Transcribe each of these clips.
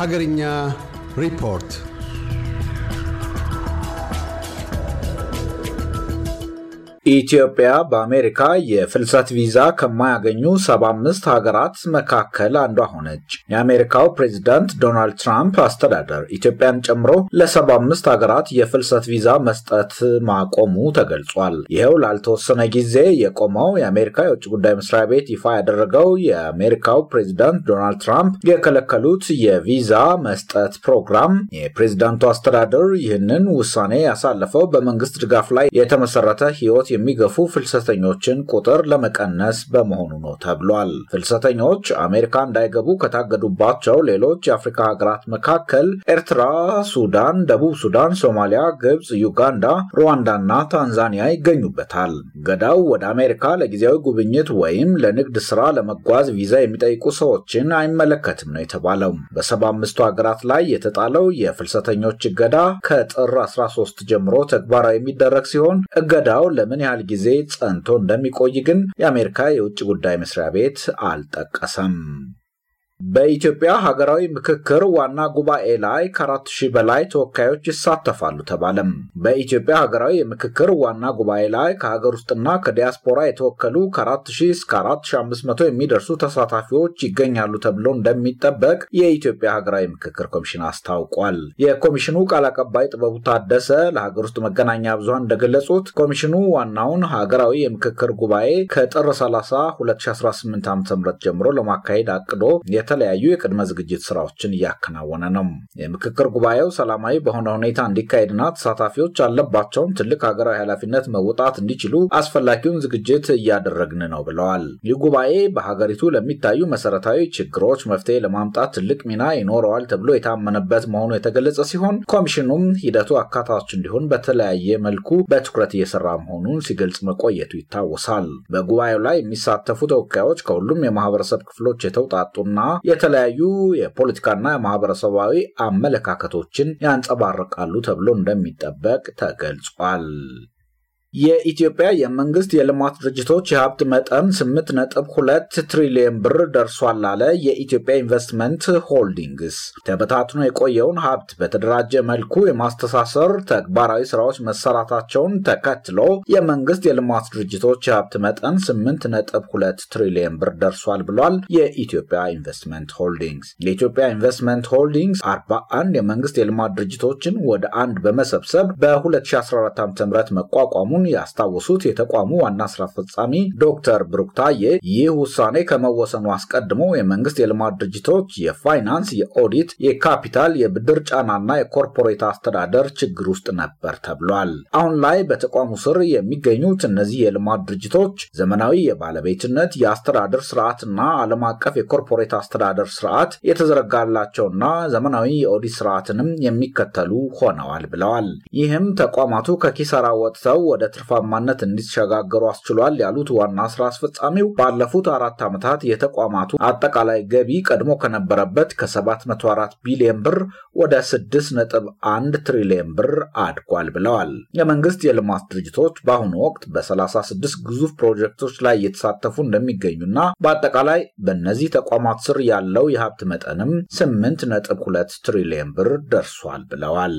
Hagernya Report ኢትዮጵያ በአሜሪካ የፍልሰት ቪዛ ከማያገኙ 75 ሀገራት መካከል አንዷ ሆነች። የአሜሪካው ፕሬዚዳንት ዶናልድ ትራምፕ አስተዳደር ኢትዮጵያን ጨምሮ ለ75 ሀገራት የፍልሰት ቪዛ መስጠት ማቆሙ ተገልጿል። ይኸው ላልተወሰነ ጊዜ የቆመው የአሜሪካ የውጭ ጉዳይ መስሪያ ቤት ይፋ ያደረገው የአሜሪካው ፕሬዚዳንት ዶናልድ ትራምፕ የከለከሉት የቪዛ መስጠት ፕሮግራም የፕሬዚዳንቱ አስተዳደር ይህንን ውሳኔ ያሳለፈው በመንግስት ድጋፍ ላይ የተመሰረተ ህይወት የሚገፉ ፍልሰተኞችን ቁጥር ለመቀነስ በመሆኑ ነው ተብሏል። ፍልሰተኞች አሜሪካ እንዳይገቡ ከታገዱባቸው ሌሎች የአፍሪካ ሀገራት መካከል ኤርትራ፣ ሱዳን፣ ደቡብ ሱዳን፣ ሶማሊያ፣ ግብፅ፣ ዩጋንዳ፣ ሩዋንዳና ታንዛኒያ ይገኙበታል። ገዳው ወደ አሜሪካ ለጊዜያዊ ጉብኝት ወይም ለንግድ ስራ ለመጓዝ ቪዛ የሚጠይቁ ሰዎችን አይመለከትም ነው የተባለው። በሰባ አምስቱ ሀገራት ላይ የተጣለው የፍልሰተኞች እገዳ ከጥር 13 ጀምሮ ተግባራዊ የሚደረግ ሲሆን እገዳው ለምን ምን ያህል ጊዜ ጸንቶ እንደሚቆይ ግን የአሜሪካ የውጭ ጉዳይ መስሪያ ቤት አልጠቀሰም። በኢትዮጵያ ሀገራዊ ምክክር ዋና ጉባኤ ላይ ከአራት ሺህ በላይ ተወካዮች ይሳተፋሉ ተባለም። በኢትዮጵያ ሀገራዊ የምክክር ዋና ጉባኤ ላይ ከሀገር ውስጥና ከዲያስፖራ የተወከሉ ከአራት ሺህ እስከ አራት ሺህ አምስት መቶ የሚደርሱ ተሳታፊዎች ይገኛሉ ተብሎ እንደሚጠበቅ የኢትዮጵያ ሀገራዊ ምክክር ኮሚሽን አስታውቋል። የኮሚሽኑ ቃል አቀባይ ጥበቡ ታደሰ ለሀገር ውስጥ መገናኛ ብዙሃን እንደገለጹት ኮሚሽኑ ዋናውን ሀገራዊ የምክክር ጉባኤ ከጥር 30 2018 ዓ ም ጀምሮ ለማካሄድ አቅዶ የተለያዩ የቅድመ ዝግጅት ስራዎችን እያከናወነ ነው። የምክክር ጉባኤው ሰላማዊ በሆነ ሁኔታ እንዲካሄድና ተሳታፊዎች ያለባቸውን ትልቅ ሀገራዊ ኃላፊነት መወጣት እንዲችሉ አስፈላጊውን ዝግጅት እያደረግን ነው ብለዋል። ይህ ጉባኤ በሀገሪቱ ለሚታዩ መሰረታዊ ችግሮች መፍትሄ ለማምጣት ትልቅ ሚና ይኖረዋል ተብሎ የታመነበት መሆኑ የተገለጸ ሲሆን ኮሚሽኑም ሂደቱ አካታች እንዲሆን በተለያየ መልኩ በትኩረት እየሰራ መሆኑን ሲገልጽ መቆየቱ ይታወሳል። በጉባኤው ላይ የሚሳተፉ ተወካዮች ከሁሉም የማህበረሰብ ክፍሎች የተውጣጡና የተለያዩ የፖለቲካና የማህበረሰባዊ አመለካከቶችን ያንጸባርቃሉ ተብሎ እንደሚጠበቅ ተገልጿል። የኢትዮጵያ የመንግስት የልማት ድርጅቶች የሀብት መጠን 8.2 ትሪሊየን ብር ደርሷል አለ የኢትዮጵያ ኢንቨስትመንት ሆልዲንግስ። ተበታትኖ የቆየውን ሀብት በተደራጀ መልኩ የማስተሳሰር ተግባራዊ ስራዎች መሰራታቸውን ተከትሎ የመንግስት የልማት ድርጅቶች የሀብት መጠን 8.2 ትሪሊየን ብር ደርሷል ብሏል የኢትዮጵያ ኢንቨስትመንት ሆልዲንግስ። የኢትዮጵያ ኢንቨስትመንት ሆልዲንግስ 41 የመንግስት የልማት ድርጅቶችን ወደ አንድ በመሰብሰብ በ2014 ዓ ም መቋቋሙ መሆኑን ያስታወሱት የተቋሙ ዋና ስራ አስፈጻሚ ዶክተር ብሩክታዬ ይህ ውሳኔ ከመወሰኑ አስቀድሞ የመንግስት የልማት ድርጅቶች የፋይናንስ፣ የኦዲት፣ የካፒታል፣ የብድር ጫናና የኮርፖሬት አስተዳደር ችግር ውስጥ ነበር ተብሏል። አሁን ላይ በተቋሙ ስር የሚገኙት እነዚህ የልማት ድርጅቶች ዘመናዊ የባለቤትነት የአስተዳደር ስርዓትና ዓለም አቀፍ የኮርፖሬት አስተዳደር ስርዓት የተዘረጋላቸውና ዘመናዊ የኦዲት ስርዓትንም የሚከተሉ ሆነዋል ብለዋል። ይህም ተቋማቱ ከኪሳራ ወጥተው ወደ ትርፋማነት እንዲሸጋገሩ አስችሏል ያሉት ዋና ስራ አስፈጻሚው ባለፉት አራት ዓመታት የተቋማቱ አጠቃላይ ገቢ ቀድሞ ከነበረበት ከ704 ቢሊዮን ብር ወደ 6.1 ትሪሊዮን ብር አድጓል ብለዋል። የመንግስት የልማት ድርጅቶች በአሁኑ ወቅት በ36 ግዙፍ ፕሮጀክቶች ላይ እየተሳተፉ እንደሚገኙና በአጠቃላይ በእነዚህ ተቋማት ስር ያለው የሀብት መጠንም 8.2 ትሪሊዮን ብር ደርሷል ብለዋል።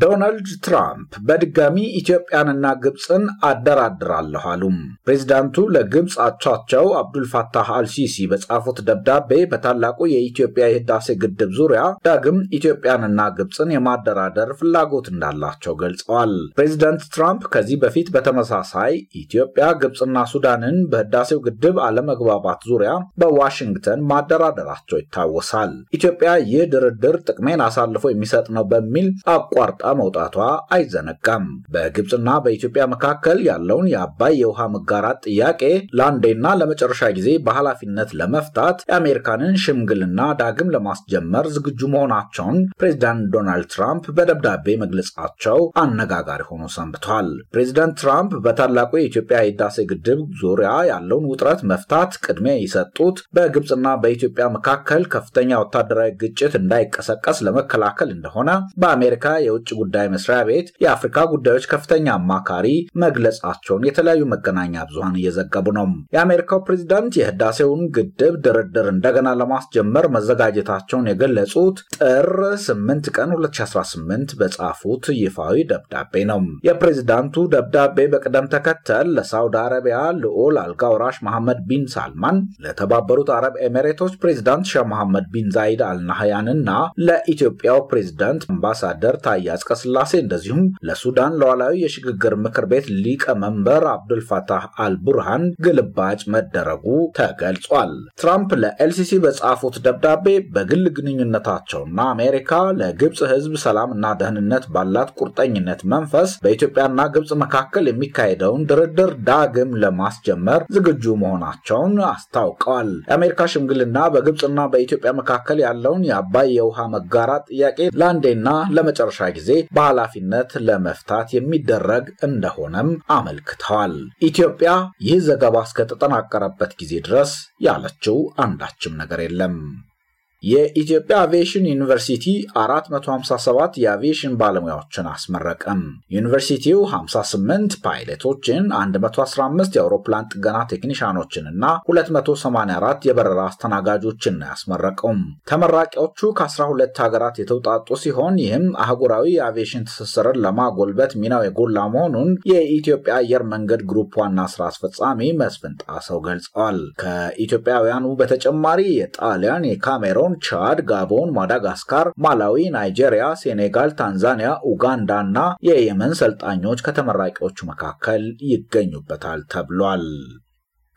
ዶናልድ ትራምፕ በድጋሚ ኢትዮጵያንና ግብፅን አደራድራለሁ አሉ። ፕሬዚዳንቱ ለግብፅ አቻቸው አብዱልፋታህ አልሲሲ በጻፉት ደብዳቤ በታላቁ የኢትዮጵያ የህዳሴ ግድብ ዙሪያ ዳግም ኢትዮጵያንና ግብፅን የማደራደር ፍላጎት እንዳላቸው ገልጸዋል። ፕሬዚዳንት ትራምፕ ከዚህ በፊት በተመሳሳይ ኢትዮጵያ ግብፅና ሱዳንን በህዳሴው ግድብ አለመግባባት ዙሪያ በዋሽንግተን ማደራደራቸው ይታወሳል። ኢትዮጵያ ይህ ድርድር ጥቅሜን አሳልፎ የሚሰጥ ነው በሚል አቋርጣ መውጣቷ አይዘነጋም። በግብፅና በኢትዮጵያ መካከል ያለውን የአባይ የውሃ መጋራት ጥያቄ ለአንዴና ለመጨረሻ ጊዜ በኃላፊነት ለመፍታት የአሜሪካንን ሽምግልና ዳግም ለማስጀመር ዝግጁ መሆናቸውን ፕሬዚዳንት ዶናልድ ትራምፕ በደብዳቤ መግለጻቸው አነጋጋሪ ሆኖ ሰንብቷል። ፕሬዚዳንት ትራምፕ በታላቁ የኢትዮጵያ ህዳሴ ግድብ ዙሪያ ያለውን ውጥረት መፍታት ቅድሚያ የሰጡት በግብፅና በኢትዮጵያ መካከል ከፍተኛ ወታደራዊ ግጭት እንዳይቀሰቀስ ለመከላከል እንደሆነ በአሜሪካ የውጭ የውጭ ጉዳይ መስሪያ ቤት የአፍሪካ ጉዳዮች ከፍተኛ አማካሪ መግለጻቸውን የተለያዩ መገናኛ ብዙሀን እየዘገቡ ነው። የአሜሪካው ፕሬዚዳንት የህዳሴውን ግድብ ድርድር እንደገና ለማስጀመር መዘጋጀታቸውን የገለጹት ጥር 8 ቀን 2018 በጻፉት ይፋዊ ደብዳቤ ነው። የፕሬዚዳንቱ ደብዳቤ በቅደም ተከተል ለሳውዲ አረቢያ ልዑል አልጋውራሽ መሐመድ ቢን ሳልማን፣ ለተባበሩት አረብ ኤሚሬቶች ፕሬዚዳንት ሼህ መሐመድ ቢን ዛይድ አልናህያንና ለኢትዮጵያው ፕሬዚዳንት አምባሳደር ታያ። አጽቀ ስላሴ እንደዚሁም ለሱዳን ሉዓላዊ የሽግግር ምክር ቤት ሊቀመንበር አብዱልፋታህ አልቡርሃን ግልባጭ መደረጉ ተገልጿል። ትራምፕ ለኤልሲሲ በጻፉት ደብዳቤ በግል ግንኙነታቸውና አሜሪካ ለግብፅ ሕዝብ ሰላምና ደህንነት ባላት ቁርጠኝነት መንፈስ በኢትዮጵያና ግብፅ መካከል የሚካሄደውን ድርድር ዳግም ለማስጀመር ዝግጁ መሆናቸውን አስታውቀዋል። የአሜሪካ ሽምግልና በግብፅና በኢትዮጵያ መካከል ያለውን የአባይ የውሃ መጋራት ጥያቄ ለአንዴና ለመጨረሻ ጊዜ ጊዜ በኃላፊነት ለመፍታት የሚደረግ እንደሆነም አመልክተዋል። ኢትዮጵያ ይህ ዘገባ እስከተጠናቀረበት ጊዜ ድረስ ያለችው አንዳችም ነገር የለም። የኢትዮጵያ አቪዬሽን ዩኒቨርሲቲ 457 የአቪዬሽን ባለሙያዎችን አስመረቀም። ዩኒቨርሲቲው 58 ፓይለቶችን፣ 115 የአውሮፕላን ጥገና ቴክኒሻኖችን እና 284 የበረራ አስተናጋጆችን ነው ያስመረቀውም። ተመራቂዎቹ ከ12 ሀገራት የተውጣጡ ሲሆን ይህም አህጉራዊ የአቪዬሽን ትስስርን ለማጎልበት ሚናው የጎላ መሆኑን የኢትዮጵያ አየር መንገድ ግሩፕ ዋና ስራ አስፈጻሚ መስፍን ጣሰው ገልጸዋል። ከኢትዮጵያውያኑ በተጨማሪ የጣሊያን፣ የካሜሮ ካሜሩን፣ ቻድ፣ ጋቦን፣ ማዳጋስካር፣ ማላዊ፣ ናይጄሪያ፣ ሴኔጋል፣ ታንዛኒያ፣ ኡጋንዳ እና የየመን ሰልጣኞች ከተመራቂዎቹ መካከል ይገኙበታል ተብሏል።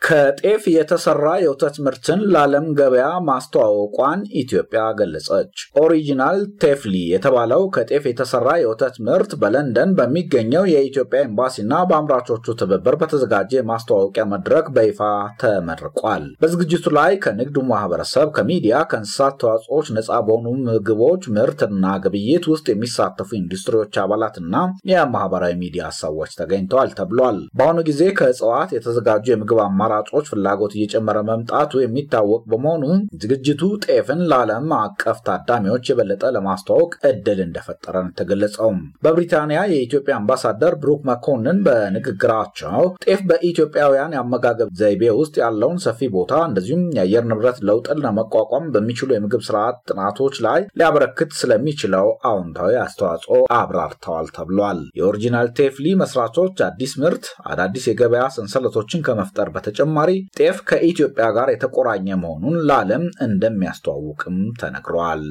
ከጤፍ የተሰራ የወተት ምርትን ለዓለም ገበያ ማስተዋወቋን ኢትዮጵያ ገለጸች። ኦሪጂናል ቴፍሊ የተባለው ከጤፍ የተሰራ የወተት ምርት በለንደን በሚገኘው የኢትዮጵያ ኤምባሲና በአምራቾቹ ትብብር በተዘጋጀ የማስተዋወቂያ መድረክ በይፋ ተመርቋል። በዝግጅቱ ላይ ከንግዱ ማህበረሰብ፣ ከሚዲያ፣ ከእንስሳት ተዋጽኦች ነፃ በሆኑ ምግቦች ምርትና ግብይት ውስጥ የሚሳተፉ ኢንዱስትሪዎች አባላትና የማህበራዊ ሚዲያ ሰዎች ተገኝተዋል ተብሏል። በአሁኑ ጊዜ ከእጽዋት የተዘጋጁ የምግብ አማራ አማራጮች ፍላጎት እየጨመረ መምጣቱ የሚታወቅ በመሆኑ ዝግጅቱ ጤፍን ለዓለም አቀፍ ታዳሚዎች የበለጠ ለማስተዋወቅ እድል እንደፈጠረ ነው የተገለጸው። በብሪታንያ የኢትዮጵያ አምባሳደር ብሩክ መኮንን በንግግራቸው ጤፍ በኢትዮጵያውያን የአመጋገብ ዘይቤ ውስጥ ያለውን ሰፊ ቦታ እንደዚሁም የአየር ንብረት ለውጥን ለመቋቋም በሚችሉ የምግብ ስርዓት ጥናቶች ላይ ሊያበረክት ስለሚችለው አዎንታዊ አስተዋጽኦ አብራርተዋል ተብሏል። የኦሪጂናል ቴፍሊ መስራቾች አዲስ ምርት፣ አዳዲስ የገበያ ሰንሰለቶችን ከመፍጠር በተጨ በተጨማሪ ጤፍ ከኢትዮጵያ ጋር የተቆራኘ መሆኑን ለዓለም እንደሚያስተዋውቅም ተነግሯል።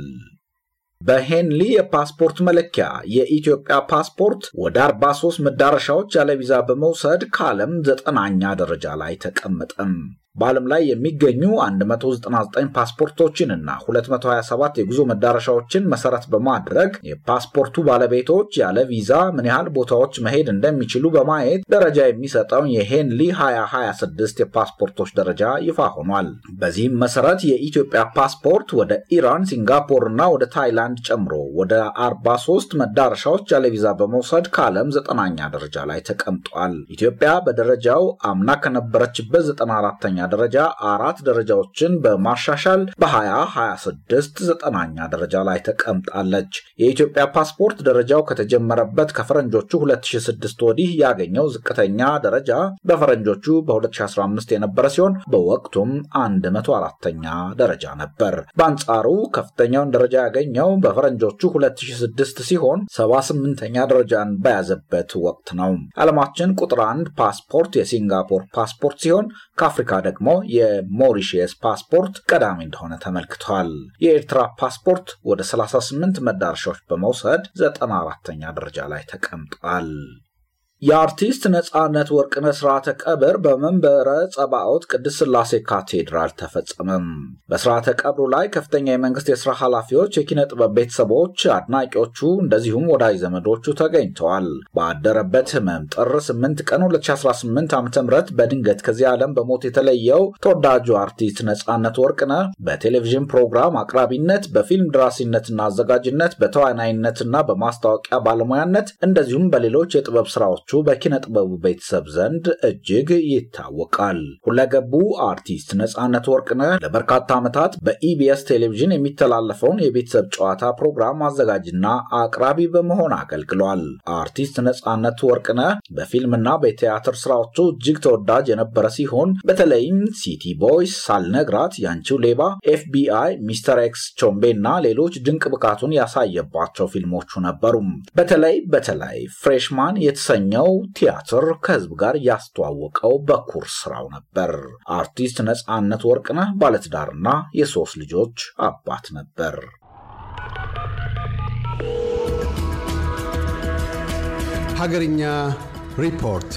በሄንሊ የፓስፖርት መለኪያ የኢትዮጵያ ፓስፖርት ወደ 43 መዳረሻዎች ያለ ቪዛ በመውሰድ ከዓለም ዘጠናኛ ደረጃ ላይ ተቀመጠም። በዓለም ላይ የሚገኙ 199 ፓስፖርቶችን እና 227 የጉዞ መዳረሻዎችን መሰረት በማድረግ የፓስፖርቱ ባለቤቶች ያለ ቪዛ ምን ያህል ቦታዎች መሄድ እንደሚችሉ በማየት ደረጃ የሚሰጠውን የሄንሊ 2026 የፓስፖርቶች ደረጃ ይፋ ሆኗል። በዚህም መሰረት የኢትዮጵያ ፓስፖርት ወደ ኢራን፣ ሲንጋፖር እና ወደ ታይላንድ ጨምሮ ወደ 43 መዳረሻዎች ያለ ቪዛ በመውሰድ ከዓለም ዘጠናኛ ደረጃ ላይ ተቀምጧል። ኢትዮጵያ በደረጃው አምና ከነበረችበት 94ኛ ዘጠናኛ ደረጃ አራት ደረጃዎችን በማሻሻል በ2026 ዘጠናኛ ደረጃ ላይ ተቀምጣለች። የኢትዮጵያ ፓስፖርት ደረጃው ከተጀመረበት ከፈረንጆቹ 2006 ወዲህ ያገኘው ዝቅተኛ ደረጃ በፈረንጆቹ በ2015 የነበረ ሲሆን በወቅቱም 104ኛ ደረጃ ነበር። በአንጻሩ ከፍተኛውን ደረጃ ያገኘው በፈረንጆቹ 2006 ሲሆን 78ኛ ደረጃን በያዘበት ወቅት ነው። ዓለማችን ቁጥር አንድ ፓስፖርት የሲንጋፖር ፓስፖርት ሲሆን ከአፍሪካ ደግሞ የሞሪሽየስ ፓስፖርት ቀዳሚ እንደሆነ ተመልክቷል። የኤርትራ ፓስፖርት ወደ 38 መዳረሻዎች በመውሰድ 94 ተኛ ደረጃ ላይ ተቀምጧል። የአርቲስት ነፃነት ወርቅነህ ስርዓተ ቀብር በመንበረ ጸባኦት ቅድስት ስላሴ ካቴድራል ተፈጸመም። በስርዓተ ቀብሩ ላይ ከፍተኛ የመንግስት የስራ ኃላፊዎች፣ የኪነ ጥበብ ቤተሰቦች፣ አድናቂዎቹ እንደዚሁም ወዳጅ ዘመዶቹ ተገኝተዋል። ባደረበት ህመም ጥር 8 ቀን 2018 ዓ ም በድንገት ከዚህ ዓለም በሞት የተለየው ተወዳጁ አርቲስት ነፃነት ወርቅነህ በቴሌቪዥን ፕሮግራም አቅራቢነት፣ በፊልም ደራሲነትና አዘጋጅነት፣ በተዋናይነትና በማስታወቂያ ባለሙያነት እንደዚሁም በሌሎች የጥበብ ስራዎች። ስራዎቹ በኪነ ጥበቡ ቤተሰብ ዘንድ እጅግ ይታወቃል። ሁለገቡ አርቲስት ነጻነት ወርቅነህ ለበርካታ ዓመታት በኢቢኤስ ቴሌቪዥን የሚተላለፈውን የቤተሰብ ጨዋታ ፕሮግራም አዘጋጅና አቅራቢ በመሆን አገልግሏል። አርቲስት ነጻነት ወርቅነህ በፊልምና በቲያትር ስራዎቹ እጅግ ተወዳጅ የነበረ ሲሆን በተለይም ሲቲ ቦይስ፣ ሳልነግራት፣ ያንቺው ሌባ፣ ኤፍቢአይ፣ ሚስተር ኤክስ፣ ቾምቤ እና ሌሎች ድንቅ ብቃቱን ያሳየባቸው ፊልሞቹ ነበሩ። በተለይ በተለይ ፍሬሽማን የተሰኘው ነው ቲያትር ከህዝብ ጋር ያስተዋወቀው በኩር ስራው ነበር። አርቲስት ነጻነት ወርቅነህ ባለትዳርና የሶስት ልጆች አባት ነበር። ሀገርኛ ሪፖርት